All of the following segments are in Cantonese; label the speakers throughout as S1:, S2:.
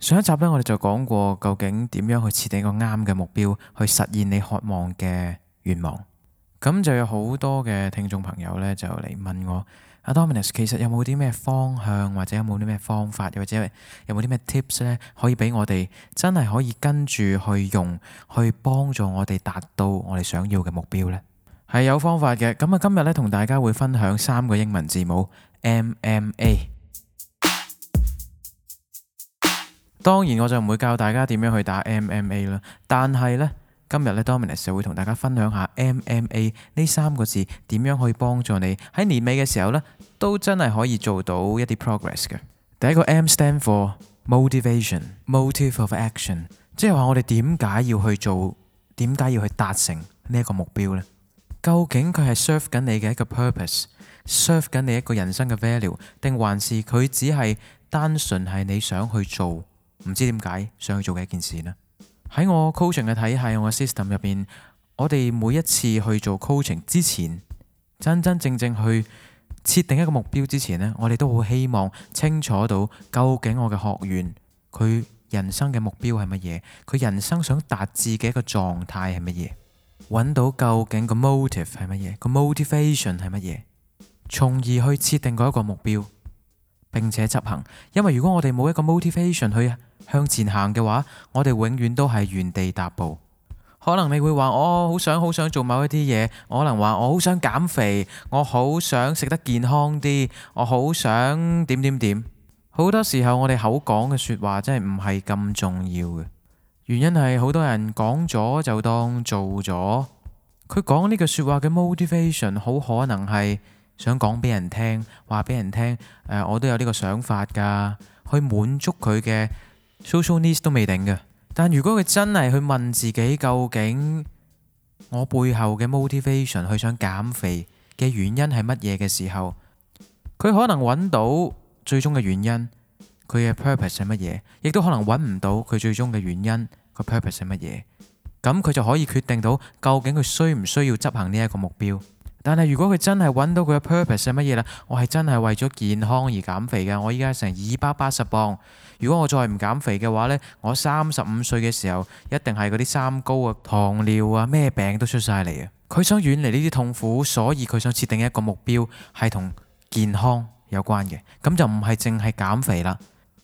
S1: 上一集呢，我哋就講過究竟點樣去設定一個啱嘅目標，去實現你渴望嘅願望。咁就有好多嘅聽眾朋友呢，就嚟問我，阿 Dominus，其實有冇啲咩方向或者有冇啲咩方法，又或者有冇啲咩 tips 呢，可以俾我哋真係可以跟住去用，去幫助我哋達到我哋想要嘅目標呢？係有方法嘅。咁啊，今日呢，同大家會分享三個英文字母 MMA。當然我就唔會教大家點樣去打 MMA 啦，但係呢，今日呢 Dominus 就會同大家分享下 MMA 呢三個字點樣可以幫助你喺年尾嘅時候呢，都真係可以做到一啲 progress 嘅。第一個 M stand for motivation, motive of action，即係話我哋點解要去做，點解要去達成呢一個目標呢？究竟佢係 serve 緊你嘅一個 purpose，serve 緊你一個人生嘅 value，定還是佢只係單純係你想去做？唔知點解想去做嘅一件事呢。喺我 coaching 嘅體系，我嘅 system 入邊，我哋每一次去做 coaching 之前，真真正正去設定一個目標之前呢，我哋都好希望清楚到究竟我嘅學員佢人生嘅目標係乜嘢，佢人生想達至嘅一個狀態係乜嘢，揾到究竟個 motive 係乜嘢，個 motivation 係乜嘢，從而去設定嗰一個目標。並且執行，因為如果我哋冇一個 motivation 去向前行嘅話，我哋永遠都係原地踏步。可能你會話我好想好想做某一啲嘢，我可能話我好想減肥，我好想食得健康啲，我好想點點點。好多時候我哋口講嘅說話真係唔係咁重要嘅，原因係好多人講咗就當做咗，佢講呢句說話嘅 motivation 好可能係。想講俾人聽，話俾人聽，誒、呃，我都有呢個想法㗎，去滿足佢嘅 social needs 都未定嘅。但如果佢真係去問自己究竟我背後嘅 motivation，佢想減肥嘅原因係乜嘢嘅時候，佢可能揾到最終嘅原因，佢嘅 purpose 係乜嘢，亦都可能揾唔到佢最終嘅原因，佢 purpose 係乜嘢。咁佢就可以決定到究竟佢需唔需要執行呢一個目標。但係如果佢真係揾到佢嘅 purpose 係乜嘢呢？我係真係為咗健康而減肥嘅。我依家成二百八十磅，如果我再唔減肥嘅話呢，我三十五歲嘅時候一定係嗰啲三高啊、糖尿啊、咩病都出晒嚟啊！佢想遠離呢啲痛苦，所以佢想設定一個目標係同健康有關嘅，咁就唔係淨係減肥啦，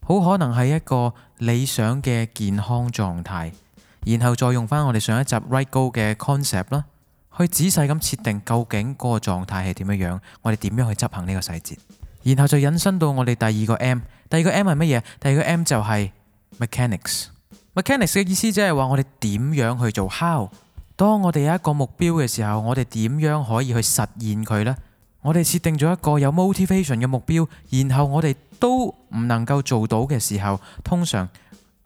S1: 好可能係一個理想嘅健康狀態，然後再用翻我哋上一集 right goal 嘅 concept 啦。去仔細咁設定究竟嗰個狀態係點樣樣，我哋點樣去執行呢個細節，然後就引申到我哋第二個 M，第二個 M 係乜嘢？第二個 M 就係 me mechanics，mechanics 嘅意思即係話我哋點樣去做？How？當我哋有一個目標嘅時候，我哋點樣可以去實現佢呢？我哋設定咗一個有 motivation 嘅目標，然後我哋都唔能夠做到嘅時候，通常。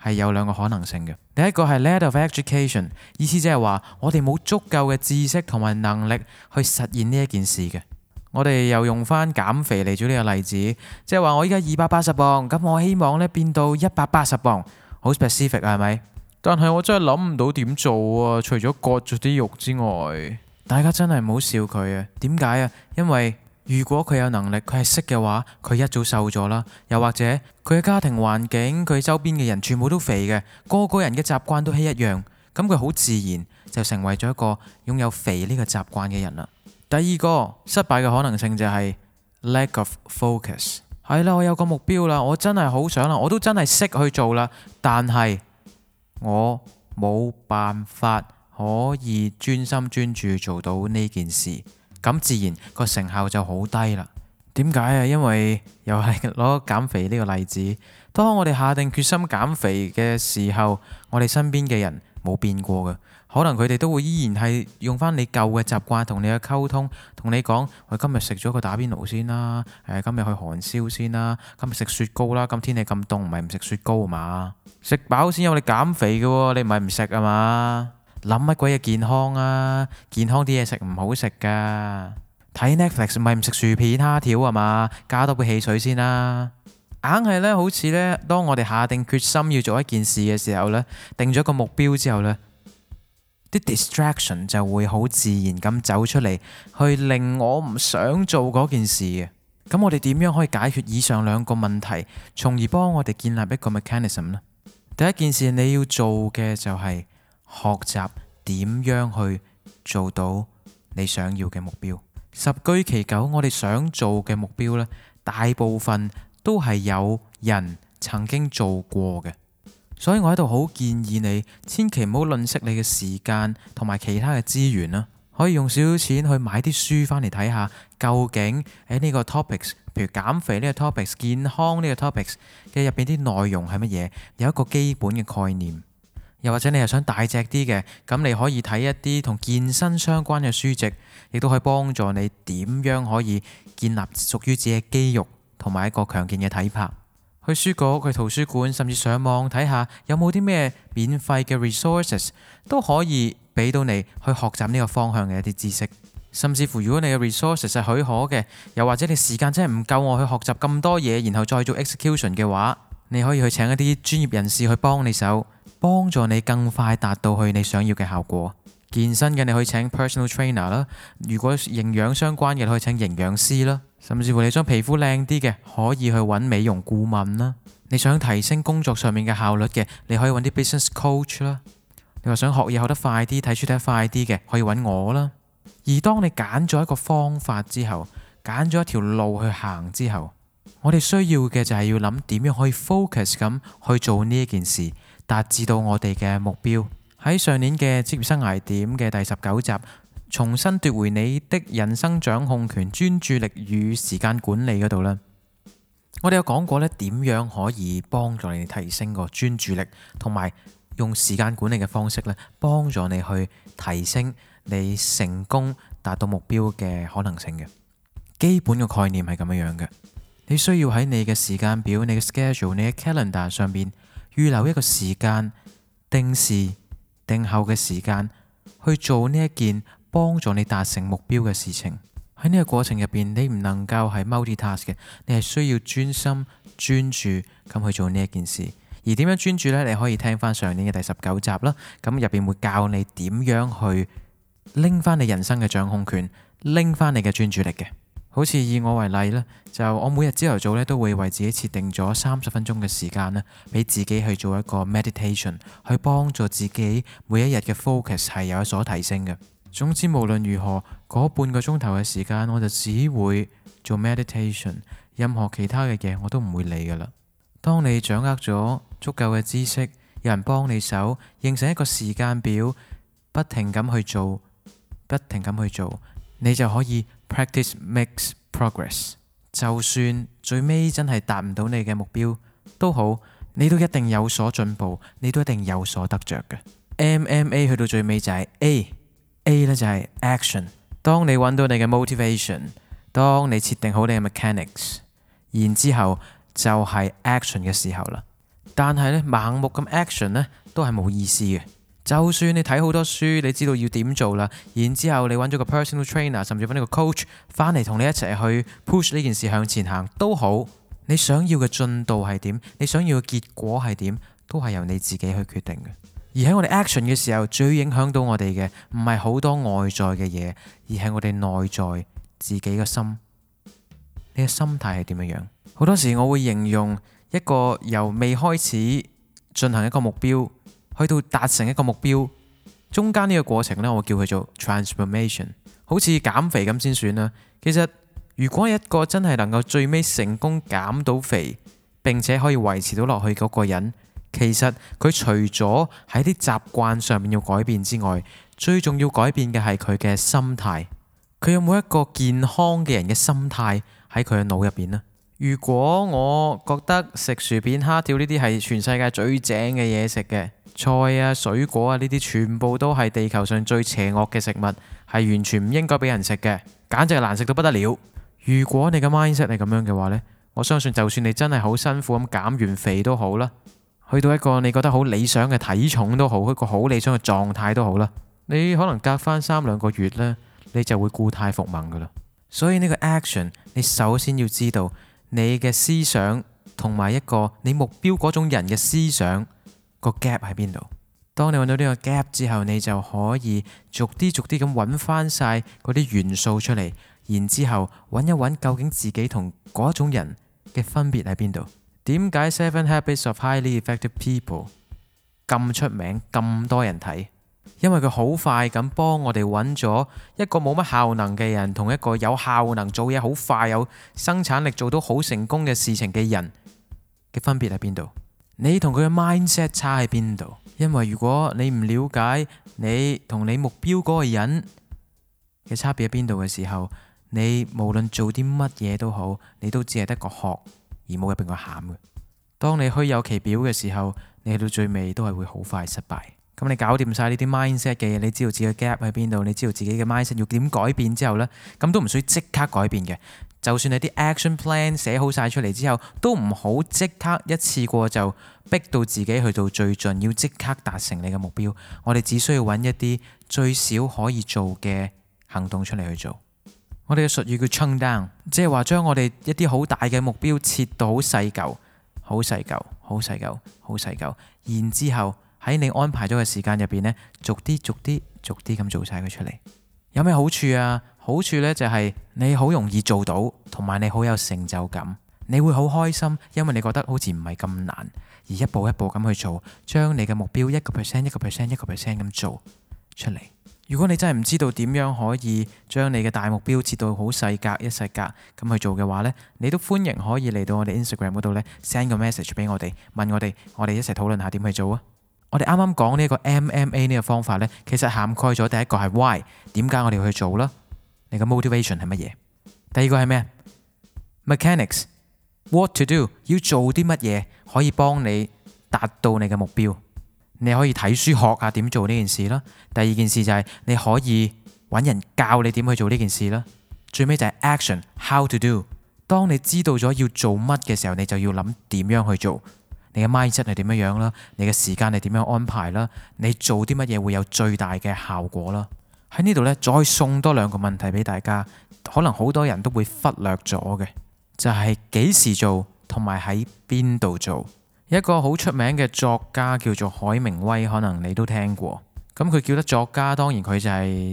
S1: 係有兩個可能性嘅。第一個係 lack of education，意思即係話我哋冇足夠嘅知識同埋能力去實現呢一件事嘅。我哋又用翻減肥嚟做呢個例子，即係話我依家二百八十磅，咁我希望呢變到一百八十磅，好 specific 啊，係咪？但係我真係諗唔到點做啊，除咗割咗啲肉之外，大家真係唔好笑佢啊。點解啊？因為如果佢有能力，佢係識嘅話，佢一早瘦咗啦。又或者佢嘅家庭環境，佢周邊嘅人全部都肥嘅，個個人嘅習慣都係一樣，咁佢好自然就成為咗一個擁有肥呢個習慣嘅人啦。第二個失敗嘅可能性就係 lack of focus。係啦，我有個目標啦，我真係好想啦，我都真係識去做啦，但係我冇辦法可以專心專注做到呢件事。咁自然個成效就好低啦。點解啊？因為又係攞減肥呢個例子。當我哋下定決心減肥嘅時候，我哋身邊嘅人冇變過嘅，可能佢哋都會依然係用返你舊嘅習慣同你去溝通，同你講：我今日食咗個打邊爐先啦，今日去韓燒先啦，今日食雪糕啦。咁天氣咁凍，唔係唔食雪糕啊嘛？食飽先，有你減肥嘅喎，你唔係唔食啊嘛？諗乜鬼嘢健康啊？健康啲嘢食唔好食噶。睇 Netflix 唔係唔食薯片蝦條係嘛？加多杯汽水先啦，啊。硬係呢，好似呢，當我哋下定決心要做一件事嘅時候呢，定咗個目標之後呢，啲 distraction 就會好自然咁走出嚟，去令我唔想做嗰件事嘅。咁我哋點樣可以解決以上兩個問題，從而幫我哋建立一個 mechanism 呢？第一件事你要做嘅就係、是。學習點樣去做到你想要嘅目標？十居其九，我哋想做嘅目標呢，大部分都係有人曾經做過嘅，所以我喺度好建議你，千祈唔好吝嗇你嘅時間同埋其他嘅資源啦。可以用少少錢去買啲書翻嚟睇下，究竟喺呢個 topics，譬如減肥呢個 topics、健康呢個 topics 嘅入邊啲內容係乜嘢，有一個基本嘅概念。又或者你又想大隻啲嘅，咁你可以睇一啲同健身相關嘅書籍，亦都可以幫助你點樣可以建立屬於自己肌肉同埋一個強健嘅體魄。去書局、去圖書館，甚至上網睇下有冇啲咩免費嘅 resources 都可以俾到你去學習呢個方向嘅一啲知識。甚至乎，如果你嘅 resources 係許可嘅，又或者你時間真係唔夠，我去學習咁多嘢，然後再做 execution 嘅話，你可以去請一啲專業人士去幫你手。幫助你更快達到去你想要嘅效果。健身嘅你可以請 personal trainer 啦，如果營養相關嘅可以請營養師啦，甚至乎你想皮膚靚啲嘅可以去揾美容顧問啦。你想提升工作上面嘅效率嘅，你可以揾啲 business coach 啦。你話想學嘢學得快啲，睇書睇得快啲嘅，可以揾我啦。而當你揀咗一個方法之後，揀咗一條路去行之後，我哋需要嘅就係要諗點樣可以 focus 咁去做呢一件事。達至到我哋嘅目標。喺上年嘅職業生涯點嘅第十九集，重新奪回你的人生掌控權，專注力與時間管理嗰度呢，我哋有講過呢，點樣可以幫助你提升個專注力，同埋用時間管理嘅方式呢，幫助你去提升你成功達到目標嘅可能性嘅。基本嘅概念係咁樣樣嘅，你需要喺你嘅時間表、你嘅 schedule、你嘅 calendar 上邊。預留一個時間，定時定候嘅時間去做呢一件幫助你達成目標嘅事情。喺呢個過程入邊，你唔能夠係 multi task 嘅，你係需要專心專注咁去做呢一件事。而點樣專注呢？你可以聽翻上年嘅第十九集啦。咁入邊會教你點樣去拎翻你人生嘅掌控權，拎翻你嘅專注力嘅。好似以我為例啦，就我每日朝頭早呢都會為自己設定咗三十分鐘嘅時間啦，俾自己去做一個 meditation，去幫助自己每一日嘅 focus 係有所提升嘅。總之無論如何，嗰半個鐘頭嘅時間，我就只會做 meditation，任何其他嘅嘢我都唔會理㗎啦。當你掌握咗足夠嘅知識，有人幫你手，形成一個時間表，不停咁去做，不停咁去做，你就可以。Practice makes progress。就算最尾真係達唔到你嘅目標都好，你都一定有所進步，你都一定有所得着嘅。MMA 去到最尾就係 A，A 呢就係 action。當你揾到你嘅 motivation，當你設定好你嘅 mechanics，然之後就係 action 嘅時候啦。但係咧盲目咁 action 呢，都係冇意思嘅。就算你睇好多書，你知道要點做啦，然之後你揾咗個 personal trainer，甚至揾你個 coach 翻嚟同你一齊去 push 呢件事向前行都好。你想要嘅進度係點，你想要嘅結果係點，都係由你自己去決定嘅。而喺我哋 action 嘅時候，最影響到我哋嘅唔係好多外在嘅嘢，而係我哋內在自己嘅心。你嘅心態係點樣樣？好多時我會形容一個由未開始進行一個目標。去到達成一個目標，中間呢個過程呢，我叫佢做 transformation，好似減肥咁先算啦。其實如果一個真係能夠最尾成功減到肥並且可以維持到落去嗰個人，其實佢除咗喺啲習慣上面要改變之外，最重要改變嘅係佢嘅心態。佢有冇一個健康嘅人嘅心態喺佢嘅腦入邊呢？如果我覺得食薯片、蝦條呢啲係全世界最正嘅嘢食嘅。菜啊、水果啊呢啲全部都係地球上最邪惡嘅食物，係完全唔應該俾人食嘅，簡直係難食到不得了。如果你嘅 mindset 係咁樣嘅話呢，我相信就算你真係好辛苦咁減完肥都好啦，去到一個你覺得好理想嘅體重都好，一個好理想嘅狀態都好啦，你可能隔翻三兩個月呢，你就會故態復萌噶啦。所以呢個 action，你首先要知道你嘅思想同埋一個你目標嗰種人嘅思想。個 gap 喺邊度？當你揾到呢個 gap 之後，你就可以逐啲逐啲咁揾翻曬嗰啲元素出嚟，然之後揾一揾究竟自己同嗰一種人嘅分別喺邊度？點解《Seven Habits of Highly Effective People》咁出名、咁多人睇？因為佢好快咁幫我哋揾咗一個冇乜效能嘅人，同一個有效能、做嘢好快、有生產力、做到好成功嘅事情嘅人嘅分別喺邊度？你同佢嘅 mindset 差喺邊度？因為如果你唔了解你同你目標嗰個人嘅差別喺邊度嘅時候，你無論做啲乜嘢都好，你都只係得個殼而冇入邊個餡嘅。當你虛有其表嘅時候，你去到最尾都係會好快失敗。咁你搞掂晒呢啲 mindset 嘅嘢，你知道自己嘅 gap 喺邊度，你知道自己嘅 mindset 要點改變之後咧，咁都唔需要即刻改變嘅。就算你啲 action plan 寫好晒出嚟之後，都唔好即刻一次過就逼到自己去到最盡，要即刻達成你嘅目標，我哋只需要揾一啲最少可以做嘅行動出嚟去做。我哋嘅術語叫 chunk down，即係話將我哋一啲好大嘅目標切到好細嚿，好細嚿，好細嚿，好細嚿，然之後，喺你安排咗嘅時間入邊呢，逐啲逐啲逐啲咁做晒佢出嚟，有咩好處啊？好處呢就係你好容易做到，同埋你好有成就感，你會好開心，因為你覺得好似唔係咁難，而一步一步咁去做，將你嘅目標一個 percent 一個 percent 一個 percent 咁做出嚟。如果你真係唔知道點樣可以將你嘅大目標切到好細格一細格咁去做嘅話呢，你都歡迎可以嚟到我哋 Instagram 嗰度呢，send 個 message 俾我哋，問我哋，我哋一齊討論下點去做啊！我哋啱啱講呢個 MMA 呢個方法呢，其實涵蓋咗第一個係 why，點解我哋去做啦？你個 motivation 係乜嘢？第二個係咩？mechanics，what to do，要做啲乜嘢可以幫你達到你嘅目標？你可以睇書學下點做呢件事啦。第二件事就係你可以揾人教你點去做呢件事啦。最尾就係 action，how to do。當你知道咗要做乜嘅時候，你就要諗點樣去做。你嘅 mindset 係點樣樣啦？你嘅時間係點樣安排啦？你做啲乜嘢會有最大嘅效果啦？喺呢度呢，再送多兩個問題俾大家，可能好多人都會忽略咗嘅，就係、是、幾時做同埋喺邊度做。一個好出名嘅作家叫做海明威，可能你都聽過。咁佢叫得作家，當然佢就係、是。